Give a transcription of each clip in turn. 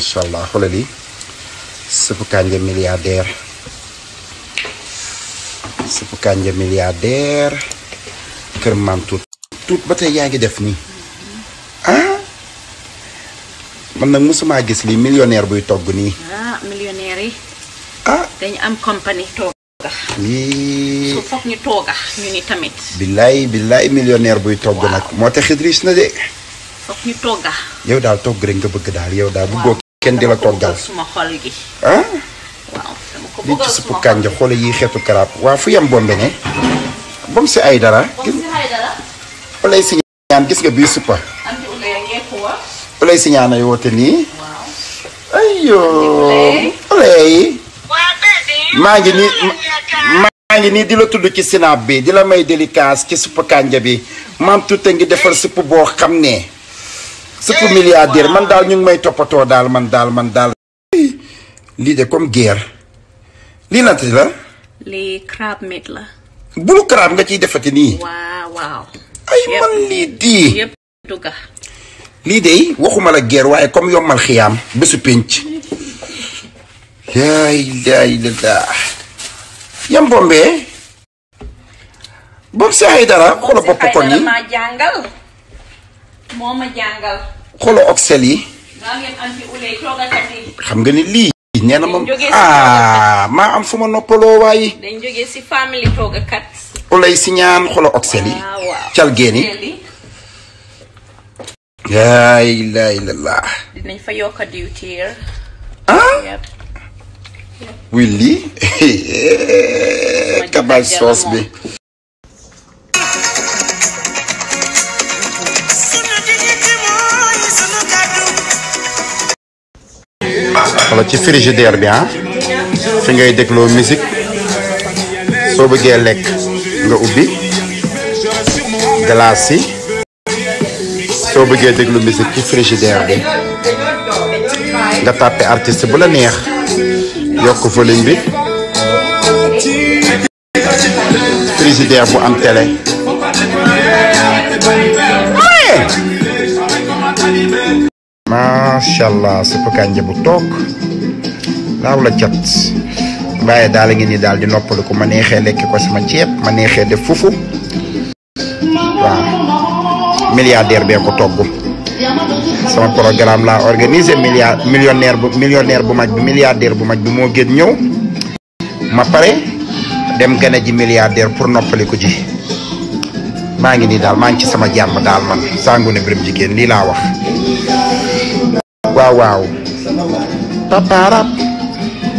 Masyaallah allah xoolal miliarder, suppu miliarder. milliardaire suppu tut milliardaire kër maam def ah man nag mosumaa gis lii millionnaire buy togg ah millionnaire yi ah dengan am company togg Ni su foog ñu tooga ah, ñu ni tamit bilai bilai millionnaire buy togg nak. moo tax xidris na de foog ñu togga ah. ya yow daal togg rek nga bëgg daal yow ya bu ken di la toggal suma xol gi hein waaw dama ko bëggal ci supp kanja xol yi xétu karab wa fu yam bombe ne bam ci ay dara play ci ñaan gis nga bi suppa play ci ñaan ay wote ni waaw ayo play ma ngi ni ma ngi ni di la tuddu ci sinap bi di la may délicace ci supp kanja bi mam tuté ngi defal supp bo xamné surtout milliardaire man dal ñu ngi may topato dal man dal man dal li de comme guerre li nat la. li crab meat la. bulu crab nga ci defati ni waaw waaw. ay man li di. yëpp dugga. lii de waxuma la guerre waye comme yombal xiyaam bésu pinch yaay yaay la da yam bombee. bom si ay dara xoolal bopp kon yi xolo oxel yi xam nga ni lii neena mom ah ma am fuma noppalo wayi dañ joge ci family toga kat ulay ci ñaan xolo oxel yi ah, cial geeni la ilaha illallah dinañ fa yokka duty ah Willy kabal sauce bi ci frigidaire bi ah fi ngay dégloo musique soo bëggee lekk nga ubbi glace soo bëggee déglu musique ci frigidaire bi nga tàppe artiste bu la neex yokk volume bi frigidaire bu am télé macha allah supp kànja bu toog laaw la cat waaye daal a ngi nii daal di noppalu ma neexee lekk ko sama ceeb ma neexee def fufu waaw milliardaire bee ko togg sama programme laa organisé milliard millionnaire bu millionnaire bu mag bi milliardaire bu mag bi moo gën ñëw ma pare dem gën ji milliardaire pour noppali ko ji maa ngi nii daal maa ngi ci sama jàmm daal man Sangoune Birame Jigéen lii laa wax. Wow, wow paparap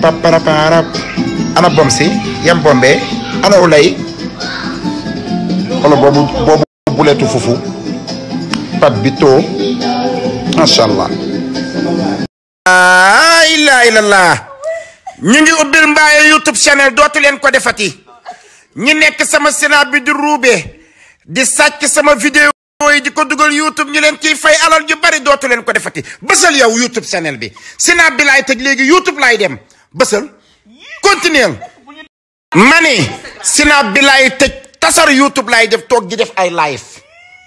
paparaparap ana bomsi yam bombe ana ulay wala bobu bobu buletu fufu pap bito mashallah la ah, ila illallah ñi ngi ubbil mbaye youtube channel dootu len ko defati ñi nek sama sénat bi di roubé di sacc sama vidéo yi di ko dugal youtube ñu leen ciy fay alal ñu bari dootu leen ko defati bësal yow youtube channel bi Sina bi laay tëj léegi youtube dem bësal continuel ma ne Sina bi laay tëj tasar youtube laay def toog di def ay live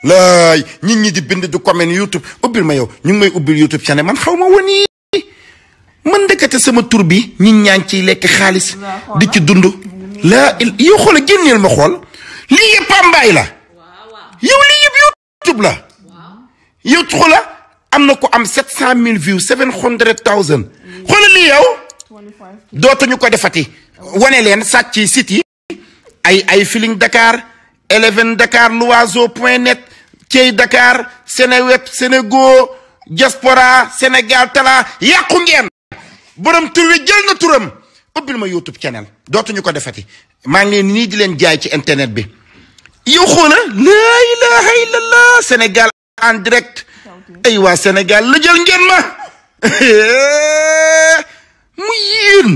laay nit ñi di bind di comment youtube ubbil ma yow ñu ngi may ubbil youtube channel man xaw ma woon yi man ndekete sama tur bi nit ñaa ngi ciy lekk xaalis di ci dund laa yow xoola génneel ma xool lii yëpp mbaay la youtube la youtube la am na ko am 700000 views 700000. xoolal lii yow. dootuñu ko defati. wane leen sàcc ci site ay ay Feeling Dakar Eleven Dakar Loiseau point net Thiey Dakar sene Senego Diaspora senegal Tala yàqu ngeen. borom tur wi na turam ubbil ma youtube channel dootuñu ko defati maa ngi leen nii di leen jaay ci internet bi. yow xoola laa ilaha illallah Sénégal en direct Sénégal la jël ngeen ma mu yéen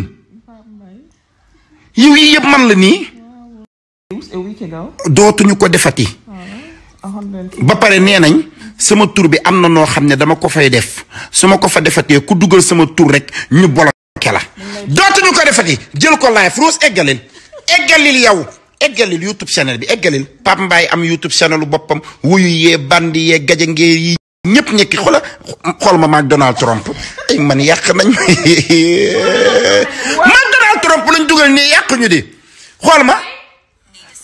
yow yi yëpp man la nii dootuñu ko defati ba pare nee nañ sama tur bi am na noo xam ne dama ko fay def su ma ko fa defatee ku dugal sama tur rek ñu bloqué la dootuñu ko defati jël ko live Rose eggalil eggalil yow eggalil youtube channel bi eggalil pap mbay am youtube channel bopam wuyu ye bandi ye gajangeer yi ñepp ñekki xola xol ma maak donald trump ay man yak nañ donald trump luñ dugal ni yak ñu di xol ma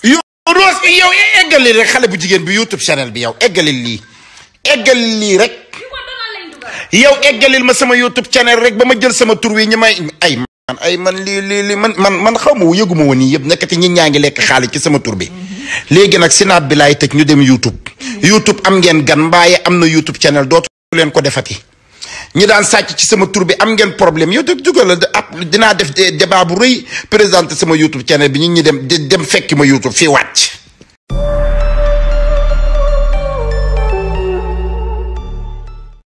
yo ros yow eh, eggalil rek xale bu jigen bi youtube channel bi yow eggalil li eggalil li rek yow eggalil ma sama youtube channel rek bama jël sama tour wi ñi ay man ay man li lii lii man man man xaw ma yëgu ma woon nii yëpp nekkati ñi ñaa ngi lekk xaalis ci sama tur bi léegi nag sinaab bi laay tëj ñu dem YouTube YouTube am ngeen gan mbaaye am na YouTube channel dootu leen ko defati ñi daan sàcc ci sama tour bi am ngeen problème yow de dugal la ab dinaa def eh, débat bu rëy présente sama YouTube channel bi ñu ñi dem dem fekki ma YouTube fii wàcc